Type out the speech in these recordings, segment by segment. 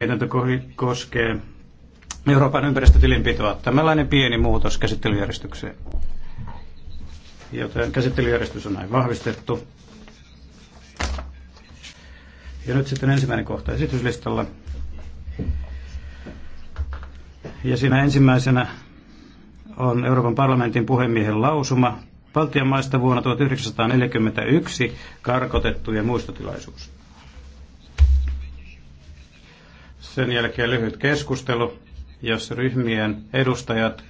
mietintö koskee Euroopan ympäristötilinpitoa. Tällainen pieni muutos käsittelyjärjestykseen. Joten käsittelyjärjestys on näin vahvistettu. Ja nyt sitten ensimmäinen kohta esityslistalla. Ja siinä ensimmäisenä on Euroopan parlamentin puhemiehen lausuma Baltian maista vuonna 1941 karkotettujen muistotilaisuus. Sen jälkeen lyhyt keskustelu, jos ryhmien edustajat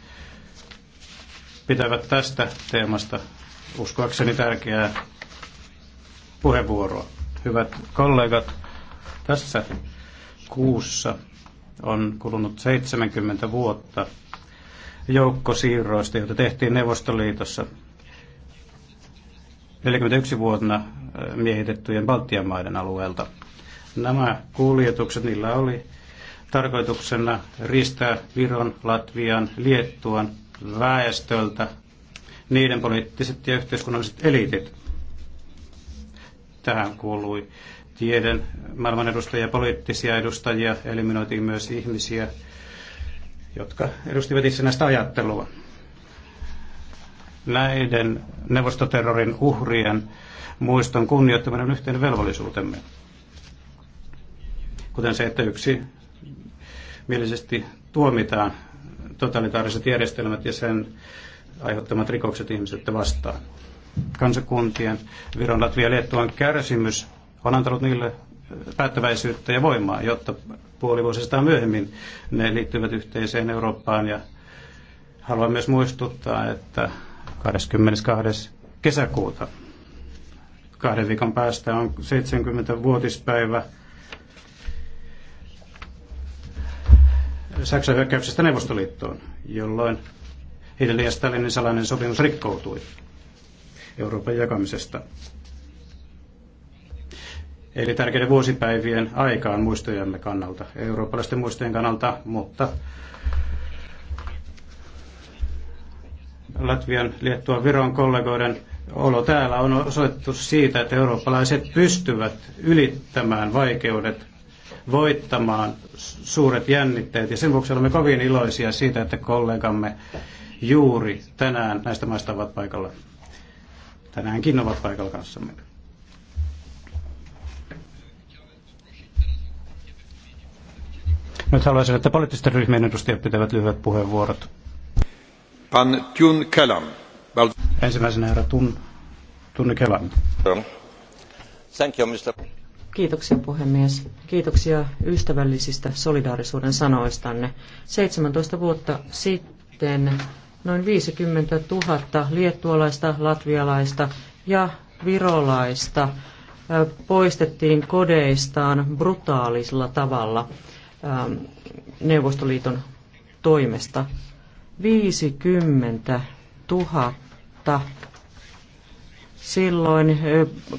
pitävät tästä teemasta uskoakseni tärkeää puheenvuoroa. Hyvät kollegat, tässä kuussa on kulunut 70 vuotta joukkosiirroista, joita tehtiin Neuvostoliitossa 41 vuotena äh, miehitettyjen Baltian maiden alueelta. Nämä kuljetukset, niillä oli tarkoituksena ristää Viron, Latvian, Liettuan väestöltä niiden poliittiset ja yhteiskunnalliset eliitit. Tähän kuului tieden maailman edustajia, poliittisia edustajia, eliminoitiin myös ihmisiä, jotka edustivat itsenäistä ajattelua. Näiden neuvostoterrorin uhrien muiston kunnioittaminen on yhteinen velvollisuutemme kuten se, että yksi mielisesti tuomitaan totalitaariset järjestelmät ja sen aiheuttamat rikokset ihmisyyttä vastaan. Kansakuntien Viron, Latvia ja Liettuan kärsimys on antanut niille päättäväisyyttä ja voimaa, jotta puoli myöhemmin ne liittyvät yhteiseen Eurooppaan. Ja haluan myös muistuttaa, että 22. kesäkuuta kahden viikon päästä on 70-vuotispäivä Saksan hyökkäyksestä Neuvostoliittoon, jolloin Hitler ja Stalinin salainen sopimus rikkoutui Euroopan jakamisesta. Eli tärkeiden vuosipäivien aikaan muistojemme kannalta, eurooppalaisten muistojen kannalta, mutta Latvian, Liettuan, Viron kollegoiden olo täällä on osoitettu siitä, että eurooppalaiset pystyvät ylittämään vaikeudet voittamaan suuret jännitteet. Ja sen vuoksi olemme kovin iloisia siitä, että kollegamme juuri tänään näistä maista ovat paikalla. Tänäänkin ovat paikalla kanssamme. Nyt haluaisin, että poliittisten ryhmien edustajat pitävät lyhyet puheenvuorot. Pan Tun Kelam. Ensimmäisenä herra Tun, Tun Kelam. Thank you, Mr. Kiitoksia puhemies. Kiitoksia ystävällisistä solidaarisuuden sanoistanne. 17 vuotta sitten noin 50 000 liettualaista, latvialaista ja virolaista poistettiin kodeistaan brutaalisella tavalla Neuvostoliiton toimesta. 50 000 silloin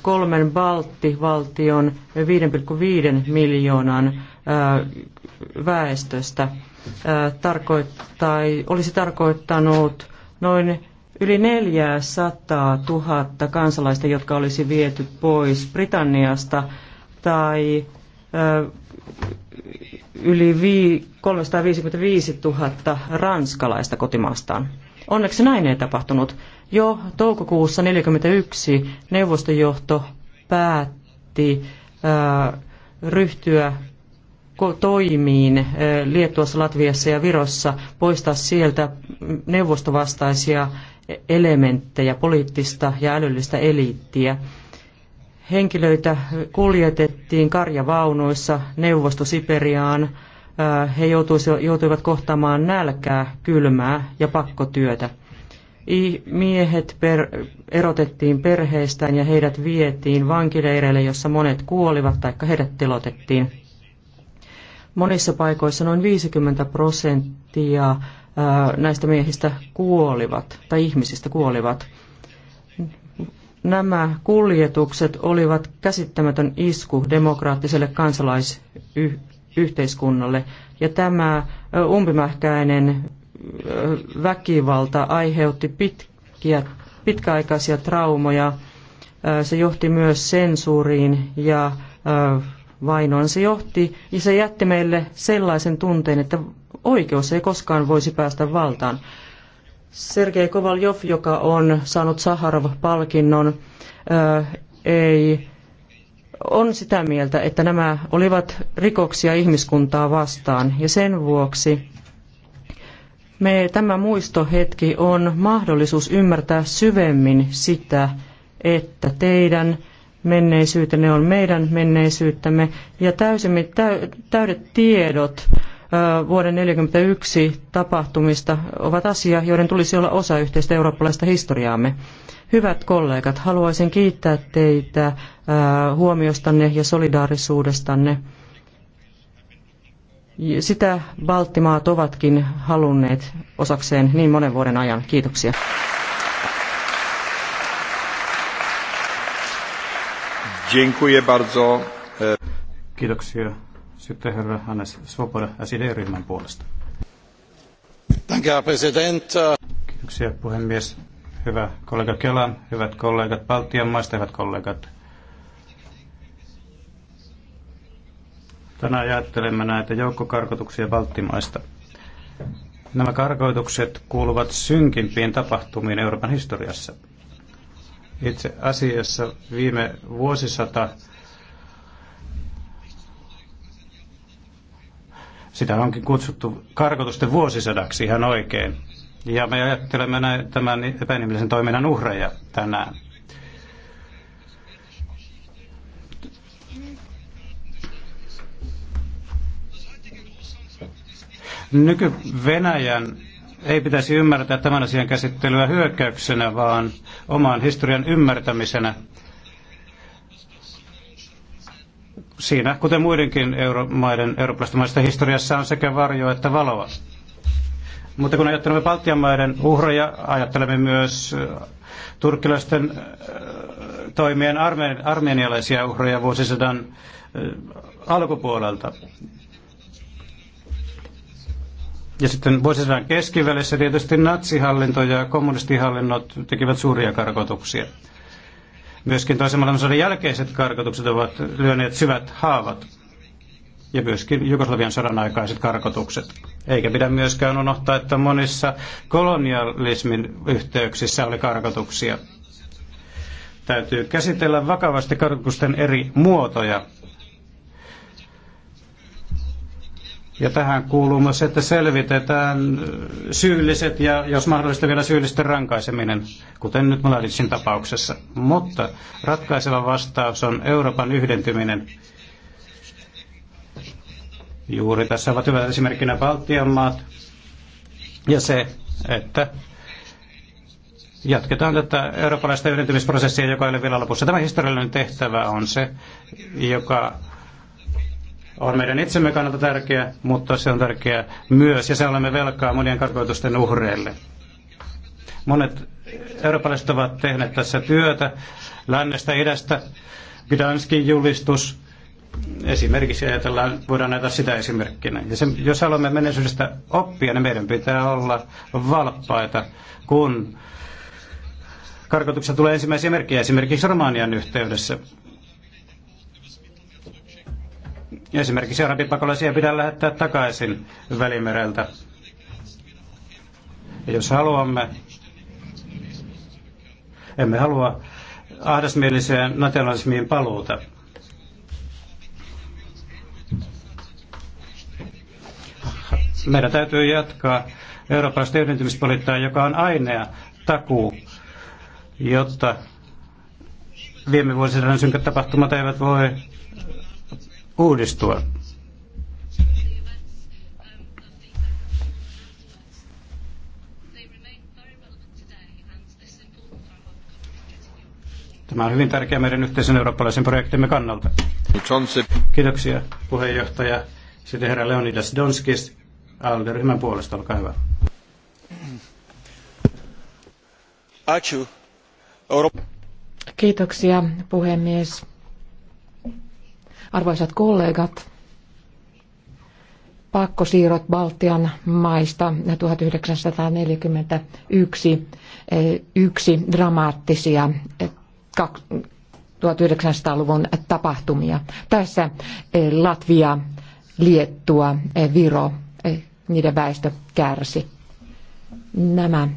kolmen Baltti-valtion 5,5 miljoonan väestöstä tarkoittai, olisi tarkoittanut noin yli 400 000 kansalaista, jotka olisi viety pois Britanniasta tai yli 355 000 ranskalaista kotimaastaan. Onneksi näin ei tapahtunut. Jo toukokuussa 1941 neuvostojohto päätti ryhtyä toimiin Liettuassa, Latviassa ja Virossa poistaa sieltä neuvostovastaisia elementtejä, poliittista ja älyllistä eliittiä. Henkilöitä kuljetettiin karjavaunuissa neuvosto Siperiaan, he joutuivat kohtaamaan nälkää, kylmää ja pakkotyötä. Miehet per, erotettiin perheistään ja heidät vietiin vankileireille, jossa monet kuolivat tai heidät telotettiin. Monissa paikoissa noin 50 prosenttia näistä miehistä kuolivat tai ihmisistä kuolivat. Nämä kuljetukset olivat käsittämätön isku demokraattiselle kansalaisyhteiskunnalle yhteiskunnalle. Ja tämä umpimähkäinen väkivalta aiheutti pitkiä, pitkäaikaisia traumoja. Se johti myös sensuuriin ja vainoon. Se johti ja se jätti meille sellaisen tunteen, että oikeus ei koskaan voisi päästä valtaan. Sergei Kovaljov, joka on saanut Saharov-palkinnon, ei on sitä mieltä, että nämä olivat rikoksia ihmiskuntaa vastaan ja sen vuoksi me, tämä muistohetki on mahdollisuus ymmärtää syvemmin sitä, että teidän menneisyytenne on meidän menneisyyttämme ja täysin, täydet tiedot vuoden 1941 tapahtumista ovat asia, joiden tulisi olla osa yhteistä eurooppalaista historiaamme. Hyvät kollegat, haluaisin kiittää teitä huomiostanne ja solidaarisuudestanne. Sitä Baltimaat ovatkin halunneet osakseen niin monen vuoden ajan. Kiitoksia. Dziękuję bardzo. Kiitoksia sitten herra Hannes Svoboda SID-ryhmän puolesta. Kiitoksia puhemies. Hyvä kollega Kelan, hyvät kollegat Baltian maista, hyvät kollegat. Tänään ajattelemme näitä joukkokarkotuksia Baltimaista. Nämä karkoitukset kuuluvat synkimpiin tapahtumiin Euroopan historiassa. Itse asiassa viime vuosisata Sitä onkin kutsuttu karkotusten vuosisadaksi ihan oikein. Ja me ajattelemme näin, tämän epäinhimillisen toiminnan uhreja tänään. Nyky-Venäjän ei pitäisi ymmärtää tämän asian käsittelyä hyökkäyksenä, vaan oman historian ymmärtämisenä Siinä, kuten muidenkin euromaiden, eurooppalaisten maista historiassa, on sekä varjoa että valoa. Mutta kun ajattelemme Baltian maiden uhreja, ajattelemme myös äh, turkkilaisten äh, toimien armenialaisia uhreja vuosisadan äh, alkupuolelta. Ja sitten vuosisadan keskivälissä tietysti natsihallinto ja kommunistihallinnot tekivät suuria karkotuksia. Myöskin toisen maailmansodan jälkeiset karkotukset ovat lyöneet syvät haavat ja myöskin Jugoslavian sodan aikaiset karkotukset. Eikä pidä myöskään unohtaa, että monissa kolonialismin yhteyksissä oli karkotuksia. Täytyy käsitellä vakavasti karkotusten eri muotoja Ja tähän kuuluu myös, että selvitetään syylliset ja jos mahdollista vielä syyllisten rankaiseminen, kuten nyt Mladicin tapauksessa. Mutta ratkaiseva vastaus on Euroopan yhdentyminen. Juuri tässä ovat hyvät esimerkkinä Baltian maat ja se, että jatketaan tätä eurooppalaista yhdentymisprosessia, joka ei ole vielä lopussa. Tämä historiallinen tehtävä on se, joka on meidän itsemme kannalta tärkeä, mutta se on tärkeä myös, ja se olemme velkaa monien karkoitusten uhreille. Monet eurooppalaiset ovat tehneet tässä työtä, lännestä, idästä, Gdanskin julistus, esimerkiksi ajatellaan, voidaan näitä sitä esimerkkinä. Ja se, jos haluamme menneisyydestä oppia, niin meidän pitää olla valppaita, kun karkotuksessa tulee ensimmäisiä merkkejä esimerkiksi Romanian yhteydessä. Esimerkiksi arabipakolaisia pitää lähettää takaisin Välimereltä. Ja jos haluamme, emme halua ahdasmieliseen nationalismiin paluuta. Meidän täytyy jatkaa eurooppalaista yhdentymispolitiikkaa, joka on ainea takuu, jotta viime vuosina synkät tapahtumat eivät voi uudistua. Tämä on hyvin tärkeä meidän yhteisen eurooppalaisen projektimme kannalta. Kiitoksia puheenjohtaja. Sitten herra Leonidas Donskis ALDE-ryhmän puolesta, olkaa hyvä. Kiitoksia puhemies. Arvoisat kollegat, pakkosiirrot Baltian maista 1941 eh, yksi dramaattisia 1900-luvun eh, tapahtumia. Tässä eh, Latvia, Liettua, Viro, niiden väestö kärsi. Nämä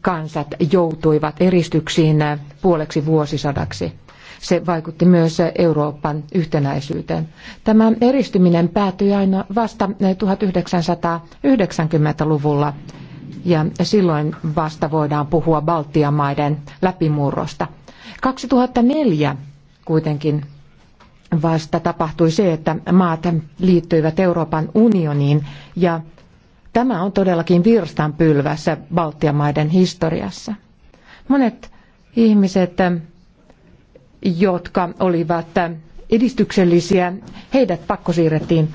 kansat joutuivat eristyksiin puoleksi vuosisadaksi se vaikutti myös Euroopan yhtenäisyyteen. Tämä eristyminen päättyi aina vasta 1990-luvulla ja silloin vasta voidaan puhua Baltian maiden läpimurrosta. 2004 kuitenkin vasta tapahtui se, että maat liittyivät Euroopan unioniin ja tämä on todellakin virstanpylvässä Baltian maiden historiassa. Monet ihmiset jotka olivat edistyksellisiä, heidät pakkosiirrettiin.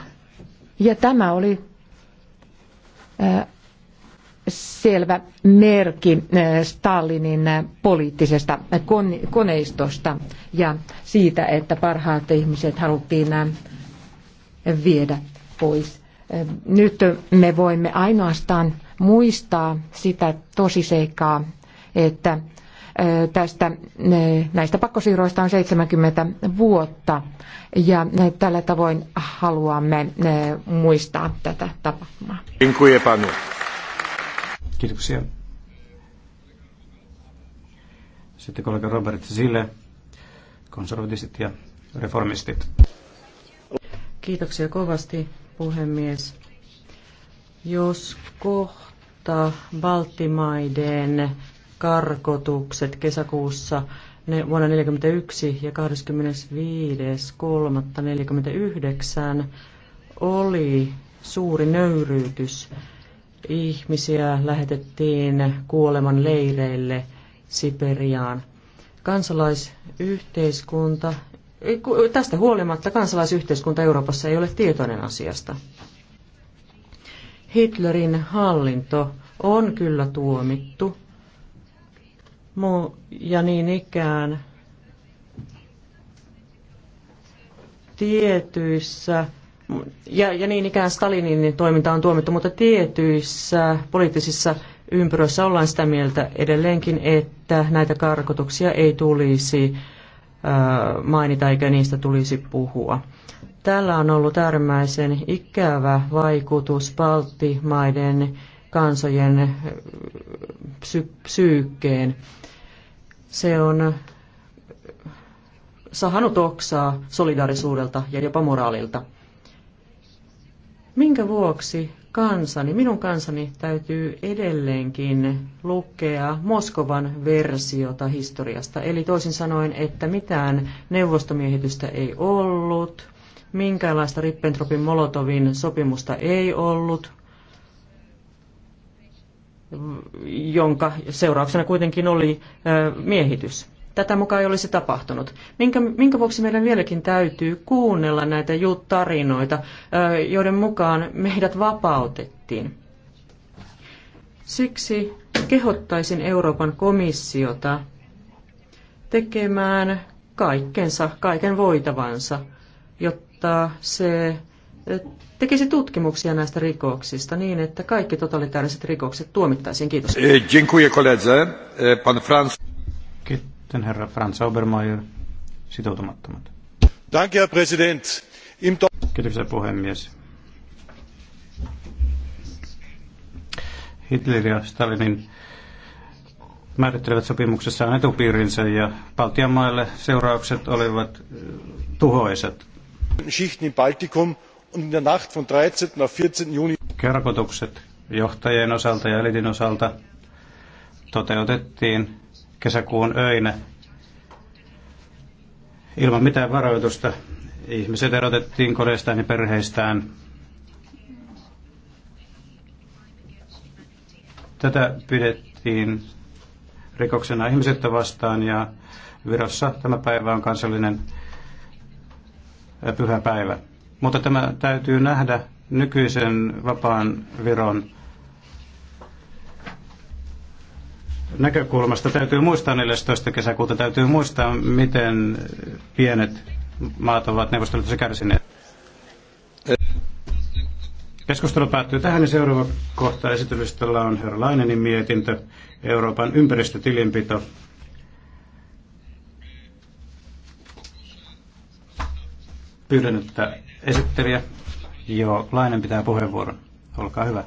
Ja tämä oli äh, selvä merkki äh, Stalinin äh, poliittisesta koneistosta ja siitä, että parhaat ihmiset haluttiin viedä pois. Nyt me voimme ainoastaan muistaa sitä tosiseikkaa, että tästä, näistä pakkosiirroista on 70 vuotta ja tällä tavoin haluamme muistaa tätä tapahtumaa. Kiitoksia. Sitten kollega Robert Sille, konservatistit ja reformistit. Kiitoksia kovasti, puhemies. Jos kohta Baltimaiden karkotukset kesäkuussa ne vuonna 1941 ja 25.3.1949 oli suuri nöyryytys. Ihmisiä lähetettiin kuoleman leireille Siperiaan. Kansalaisyhteiskunta, tästä huolimatta kansalaisyhteiskunta Euroopassa ei ole tietoinen asiasta. Hitlerin hallinto on kyllä tuomittu Mu ja niin ikään tietyissä, ja, ja niin ikään Stalinin toiminta on tuomittu, mutta tietyissä poliittisissa ympyröissä ollaan sitä mieltä edelleenkin, että näitä karkotuksia ei tulisi mainita eikä niistä tulisi puhua. Tällä on ollut äärimmäisen ikävä vaikutus Baltimaiden kansojen psy- psyykkeen. Se on sahanut oksaa solidarisuudelta ja jopa moraalilta. Minkä vuoksi kansani, minun kansani täytyy edelleenkin lukea Moskovan versiota historiasta. Eli toisin sanoen, että mitään neuvostomiehitystä ei ollut, minkäänlaista rippentropin Molotovin sopimusta ei ollut, jonka seurauksena kuitenkin oli miehitys. Tätä mukaan ei olisi tapahtunut. Minkä, minkä vuoksi meidän vieläkin täytyy kuunnella näitä tarinoita, joiden mukaan meidät vapautettiin? Siksi kehottaisin Euroopan komissiota tekemään kaikkensa, kaiken voitavansa, jotta se tekisi tutkimuksia näistä rikoksista niin, että kaikki totalitaariset rikokset tuomittaisiin. Kiitos. E, dziękuję koledze. E, pan Franz. Kiitän herra Franz Obermeier, sitoutumattomat. Danke, herr Präsident. Im Kiitoksia puhemies. Hitler ja Stalinin määrittelevät sopimuksessaan etupiirinsä ja Baltian maille seuraukset olivat tuhoiset. Schichten im Baltikum und in der Nacht von 13. auf 14. Juni. Kerkotukset johtajien osalta ja elitin osalta toteutettiin kesäkuun öinä ilman mitään varoitusta. Ihmiset erotettiin kodeistaan ja perheistään. Tätä pidettiin rikoksena ihmisettä vastaan ja Virossa tämä päivä on kansallinen äh, pyhä päivä. Mutta tämä täytyy nähdä nykyisen vapaan Viron näkökulmasta. Täytyy muistaa 14. kesäkuuta, täytyy muistaa, miten pienet maat ovat neuvostoliitossa kärsineet. Keskustelu päättyy tähän ja niin seuraava kohta esitelystalla on herra Lainenin mietintö, Euroopan ympäristötilinpito. Pyydän, että esittelijä. Joo, Lainen pitää puheenvuoron. Olkaa hyvä.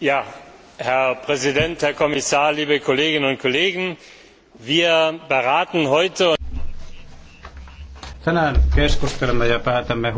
Ja, herr präsident herr kommissar liebe kolleginnen und kollegen! wir beraten heute tänään keskustelemme ja päätämme